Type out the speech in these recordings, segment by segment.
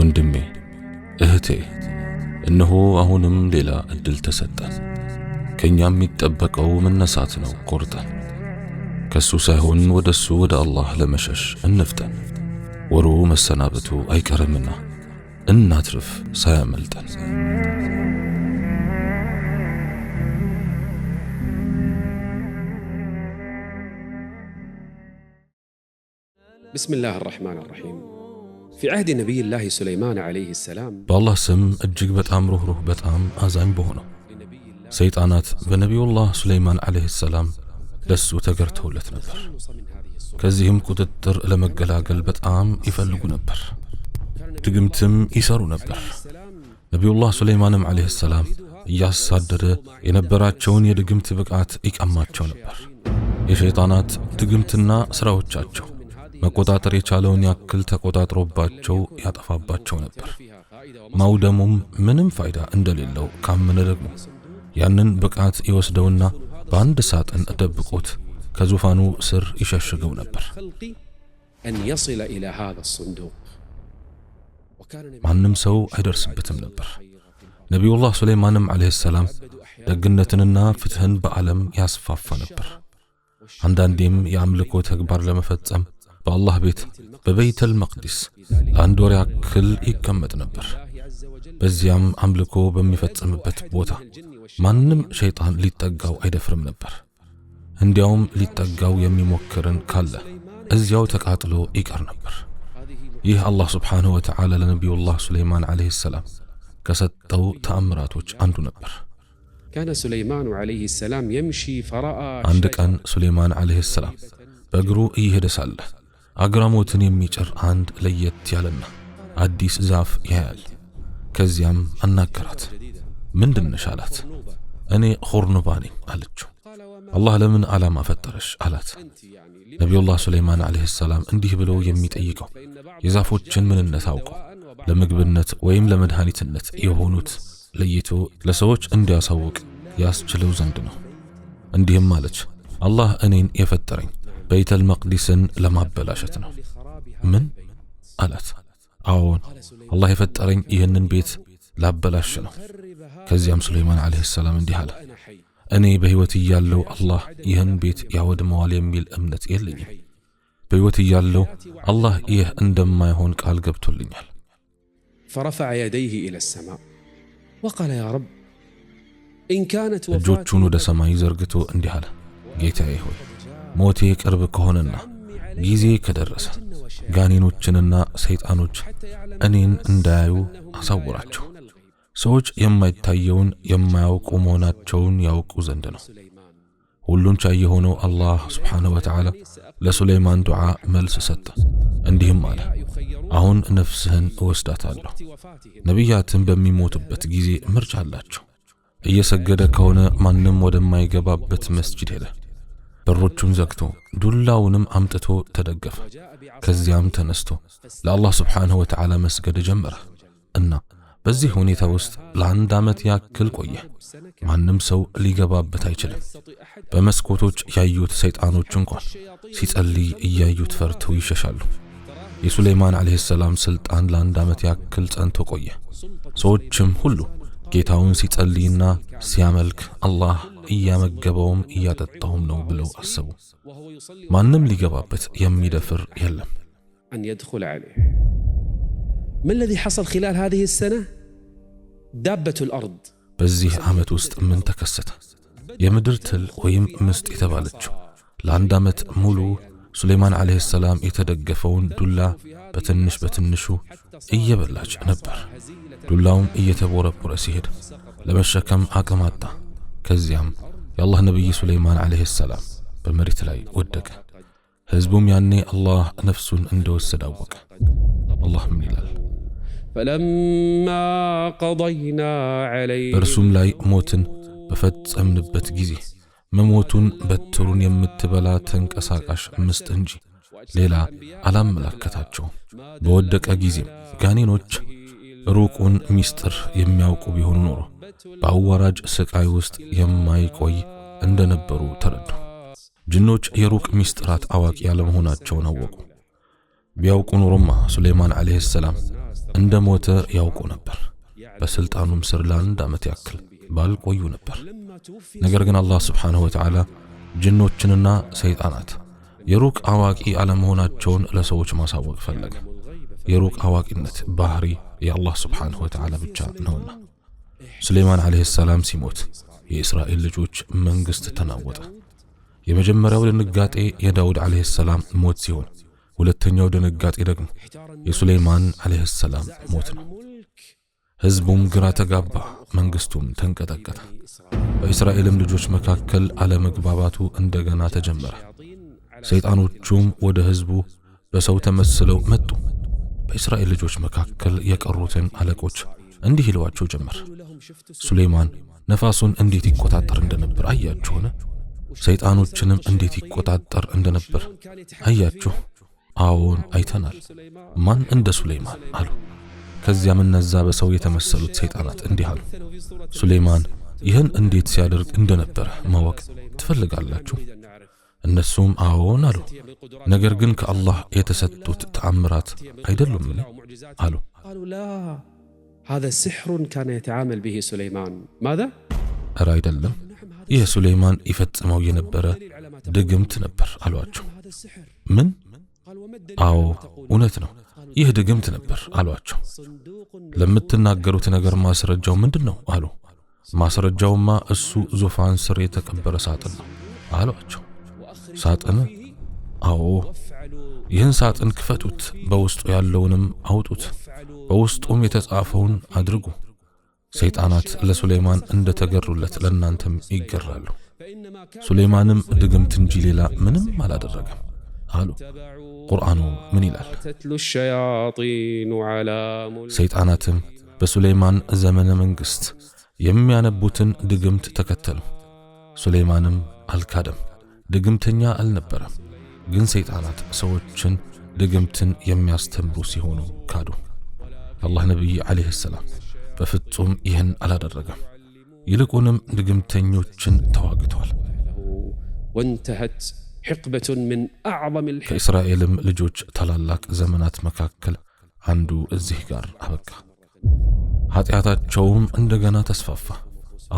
ወንድሜ፣ እህቴ፣ እነሆ አሁንም ሌላ እድል ተሰጠን። ከእኛም የሚጠበቀው መነሳት ነው። ቆርጠን ከሱ ሳይሆን ወደ እሱ ወደ አላህ ለመሸሽ እንፍጠን። ወሩ መሰናበቱ አይቀርምና እናትርፍ ሳያመልጠን። بسم الله الرحمن الرحيم በአላህ ስም እጅግ በጣም ሩኅሩህ በጣም አዛኝ በሆነው ሰይጣናት በነቢዩላህ ሱለይማን ዓለይህ ሰላም ለሱ ተገርተውለት ነበር። ከዚህም ቁጥጥር ለመገላገል በጣም ይፈልጉ ነበር፣ ድግምትም ይሰሩ ነበር። ነቢዩላህ ሱለይማንም ዓለይህ ሰላም እያሳደደ የነበራቸውን የድግምት ብቃት ይቀማቸው ነበር። የሸይጣናት ድግምትና ሥራዎቻቸው መቆጣጠር የቻለውን ያክል ተቆጣጥሮባቸው ያጠፋባቸው ነበር። ማውደሙም ምንም ፋይዳ እንደሌለው ካመነ ደግሞ ያንን ብቃት ይወስደውና በአንድ ሳጥን ደብቆት ከዙፋኑ ስር ይሸሽገው ነበር። ማንም ሰው አይደርስበትም ነበር። ነቢዩላህ ሱለይማንም ዓለይሂ ሰላም ደግነትንና ፍትህን በዓለም ያስፋፋ ነበር። አንዳንዴም የአምልኮ ተግባር ለመፈጸም በአላህ ቤት በበይተል መቅዲስ ለአንድ ወር ያክል ይቀመጥ ነበር። በዚያም አምልኮ በሚፈጸምበት ቦታ ማንም ሸይጣን ሊጠጋው አይደፍርም ነበር። እንዲያውም ሊጠጋው የሚሞክርን ካለ እዚያው ተቃጥሎ ይቀር ነበር። ይህ አላህ ስብሓንሁ ወተዓላ ለነቢዩላህ ሱለይማን ዓለይሂ ሰላም ከሰጠው ተአምራቶች አንዱ ነበር። አንድ ቀን ሱለይማን ዓለይሂ ሰላም በእግሩ እየሄደ ሳለ አግራሞትን የሚጭር አንድ ለየት ያለና አዲስ ዛፍ ያያል። ከዚያም አናገራት። ምንድን ነሽ አላት። እኔ ኹርኑባ ነኝ አለችው። አላህ ለምን ዓላማ ፈጠረሽ አላት። ነቢዩላህ ሱለይማን ዓለይሂ ሰላም እንዲህ ብለው የሚጠይቀው የዛፎችን ምንነት አውቁ? ለምግብነት ወይም ለመድኃኒትነት የሆኑት ለይቶ ለሰዎች እንዲያሳውቅ ያስችለው ዘንድ ነው። እንዲህም አለች፣ አላህ እኔን የፈጠረኝ ቤይተል መቅዲስን ለማበላሸት ነው። ምን አላት? አዎን አላህ የፈጠረኝ ይህንን ቤት ላበላሽ ነው። ከዚያም ሱለይማን ዓለይሂ ሰላም እንዲህ አለ፣ እኔ በሕይወት እያለው አላህ ይህን ቤት ያወድመዋል የሚል እምነት የለኝም። በሕይወት እያለው አላህ ይህ እንደማይሆን ቃል ገብቶልኛል። ፈረፈዐ የደይህ ኢለ ሰማ ወቃለ ያ ረብ እጆቹን ወደ ሰማይ ዘርግቶ እንዲህ አለ፣ ጌታዬ ሆይ ሞቴ ቅርብ ከሆነና ጊዜ ከደረሰ ጋኔኖችንና ሰይጣኖች እኔን እንዳያዩ አሳውራቸው። ሰዎች የማይታየውን የማያውቁ መሆናቸውን ያውቁ ዘንድ ነው። ሁሉን ቻይ የሆነው አላህ ስብሓንሁ ወተዓላ ለሱለይማን ዱዓ መልስ ሰጠ። እንዲህም አለ፣ አሁን ነፍስህን እወስዳታለሁ። ነቢያትን በሚሞቱበት ጊዜ ምርጫ አላቸው። እየሰገደ ከሆነ ማንም ወደማይገባበት መስጂድ ሄደ። በሮቹን ዘግቶ ዱላውንም አምጥቶ ተደገፈ። ከዚያም ተነስቶ ለአላህ ስብሓንሁ ወተዓላ መስገድ ጀመረ እና በዚህ ሁኔታ ውስጥ ለአንድ ዓመት ያክል ቆየ። ማንም ሰው ሊገባበት አይችልም። በመስኮቶች ያዩት ሰይጣኖች እንኳን ሲጸልይ እያዩት ፈርተው ይሸሻሉ። የሱሌይማን ዓለይሂ ሰላም ሥልጣን ለአንድ ዓመት ያክል ጸንቶ ቆየ። ሰዎችም ሁሉ ጌታውን ሲጸልይና ሲያመልክ አላህ እያመገበውም እያጠጣውም ነው ብለው አሰቡ። ማንም ሊገባበት የሚደፍር የለም። አን የድኹል ዓለይህ ማ ለዚ ሐሰል ኺላል ሃዚሂ ሰና ዳበቱል አርድ። በዚህ ዓመት ውስጥ ምን ተከሰተ? የምድር ትል ወይም ምስጥ የተባለችው ለአንድ ዓመት ሙሉ ሱሌይማን ዓለይሂ ሰላም የተደገፈውን ዱላ በትንሽ በትንሹ እየበላች ነበር። ዱላውም እየተቦረቦረ ሲሄድ ለመሸከም አቅም አጣ። ከዚያም የአላህ ነቢይ ሱለይማን ዓለይህ ሰላም በመሬት ላይ ወደቀ። ሕዝቡም ያኔ አላህ ነፍሱን እንደ አወቀ። አላህ ምን ይላል? በእርሱም ላይ ሞትን በፈጸምንበት ጊዜ መሞቱን በትሩን የምትበላ ተንቀሳቃሽ ምስጥ እንጂ ሌላ አላመላከታቸውም። በወደቀ ጊዜም ጋኔኖች ሩቁን ሚስጥር የሚያውቁ ቢሆኑ ኖሮ በአዋራጅ ስቃይ ውስጥ የማይቆይ እንደነበሩ ተረዱ። ጅኖች የሩቅ ሚስጥራት አዋቂ ያለመሆናቸውን አወቁ። ቢያውቁ ኑሮማ ሱሌይማን ዓለይሂ ሰላም እንደ ሞተ ያውቁ ነበር። በሥልጣኑም ስር ለአንድ ዓመት ያክል ባልቆዩ ነበር። ነገር ግን አላህ ስብሓንሁ ወተዓላ ጅኖችንና ሰይጣናት የሩቅ አዋቂ አለመሆናቸውን ለሰዎች ማሳወቅ ፈለገ። የሩቅ አዋቂነት ባህሪ የአላህ ስብሓንሁ ወተዓላ ብቻ ነውና ሱሌማን ዓለይሂ ሰላም ሲሞት የእስራኤል ልጆች መንግሥት ተናወጠ። የመጀመሪያው ድንጋጤ የዳውድ ዓለይሂ ሰላም ሞት ሲሆን ሁለተኛው ድንጋጤ ደግሞ የሱሌማን ዓለይሂ ሰላም ሞት ነው። ሕዝቡም ግራ ተጋባ፣ መንግሥቱም ተንቀጠቀጠ። በእስራኤልም ልጆች መካከል አለመግባባቱ እንደገና ተጀመረ። ሰይጣኖቹም ወደ ሕዝቡ በሰው ተመስለው መጡ። በእስራኤል ልጆች መካከል የቀሩትን አለቆች እንዲህ ይለዋቸው ጀመር። ሱሌይማን ነፋሱን እንዴት ይቆጣጠር እንደነበር አያችሁን? ሰይጣኖችንም እንዴት ይቆጣጠር እንደነበር አያችሁ? አዎን አይተናል። ማን እንደ ሱሌይማን አሉ። ከዚያም እነዛ በሰው የተመሰሉት ሰይጣናት እንዲህ አሉ፣ ሱሌይማን ይህን እንዴት ሲያደርግ እንደነበረ ማወቅ ትፈልጋላችሁ? እነሱም አዎን አሉ። ነገር ግን ከአላህ የተሰጡት ተአምራት አይደሉምን? አሉ ሀذا ስሕሩ ካነ የተዓመል ብሂ ሱለይማን ማذا እረ አይደለም ይህ ሱለይማን ይፈጽመው የነበረ ድግምት ነበር አሏቸው። ምን? አዎ እውነት ነው፣ ይህ ድግምት ነበር አሏቸው። ለምትናገሩት ነገር ማስረጃው ምንድን ነው አሉ። ማስረጃውማ እሱ ዙፋን ስር የተቀበረ ሳጥን ነው አሏቸው። ሳጥን አዎ ይህን ሳጥን ክፈቱት፣ በውስጡ ያለውንም አውጡት፣ በውስጡም የተጻፈውን አድርጉ። ሰይጣናት ለሱሌይማን እንደ ተገሩለት ለእናንተም ይገራሉ። ሱሌይማንም ድግምት እንጂ ሌላ ምንም አላደረገም አሉ። ቁርአኑ ምን ይላል? ሰይጣናትም በሱሌይማን ዘመነ መንግሥት የሚያነቡትን ድግምት ተከተሉ። ሱሌይማንም አልካደም፣ ድግምተኛ አልነበረም። ግን ሰይጣናት ሰዎችን ድግምትን የሚያስተምሩ ሲሆኑ ካዱ። አላህ ነቢይ ዓለይህ ሰላም በፍጹም ይህን አላደረገም። ይልቁንም ድግምተኞችን ተዋግተዋል። ምን ከእስራኤልም ልጆች ታላላቅ ዘመናት መካከል አንዱ እዚህ ጋር አበቃ። ኃጢአታቸውም እንደገና ተስፋፋ።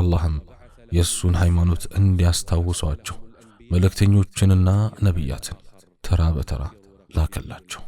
አላህም የእሱን ሃይማኖት እንዲያስታውሷቸው መልእክተኞችንና ነቢያትን ተራ በተራ ላከላቸው።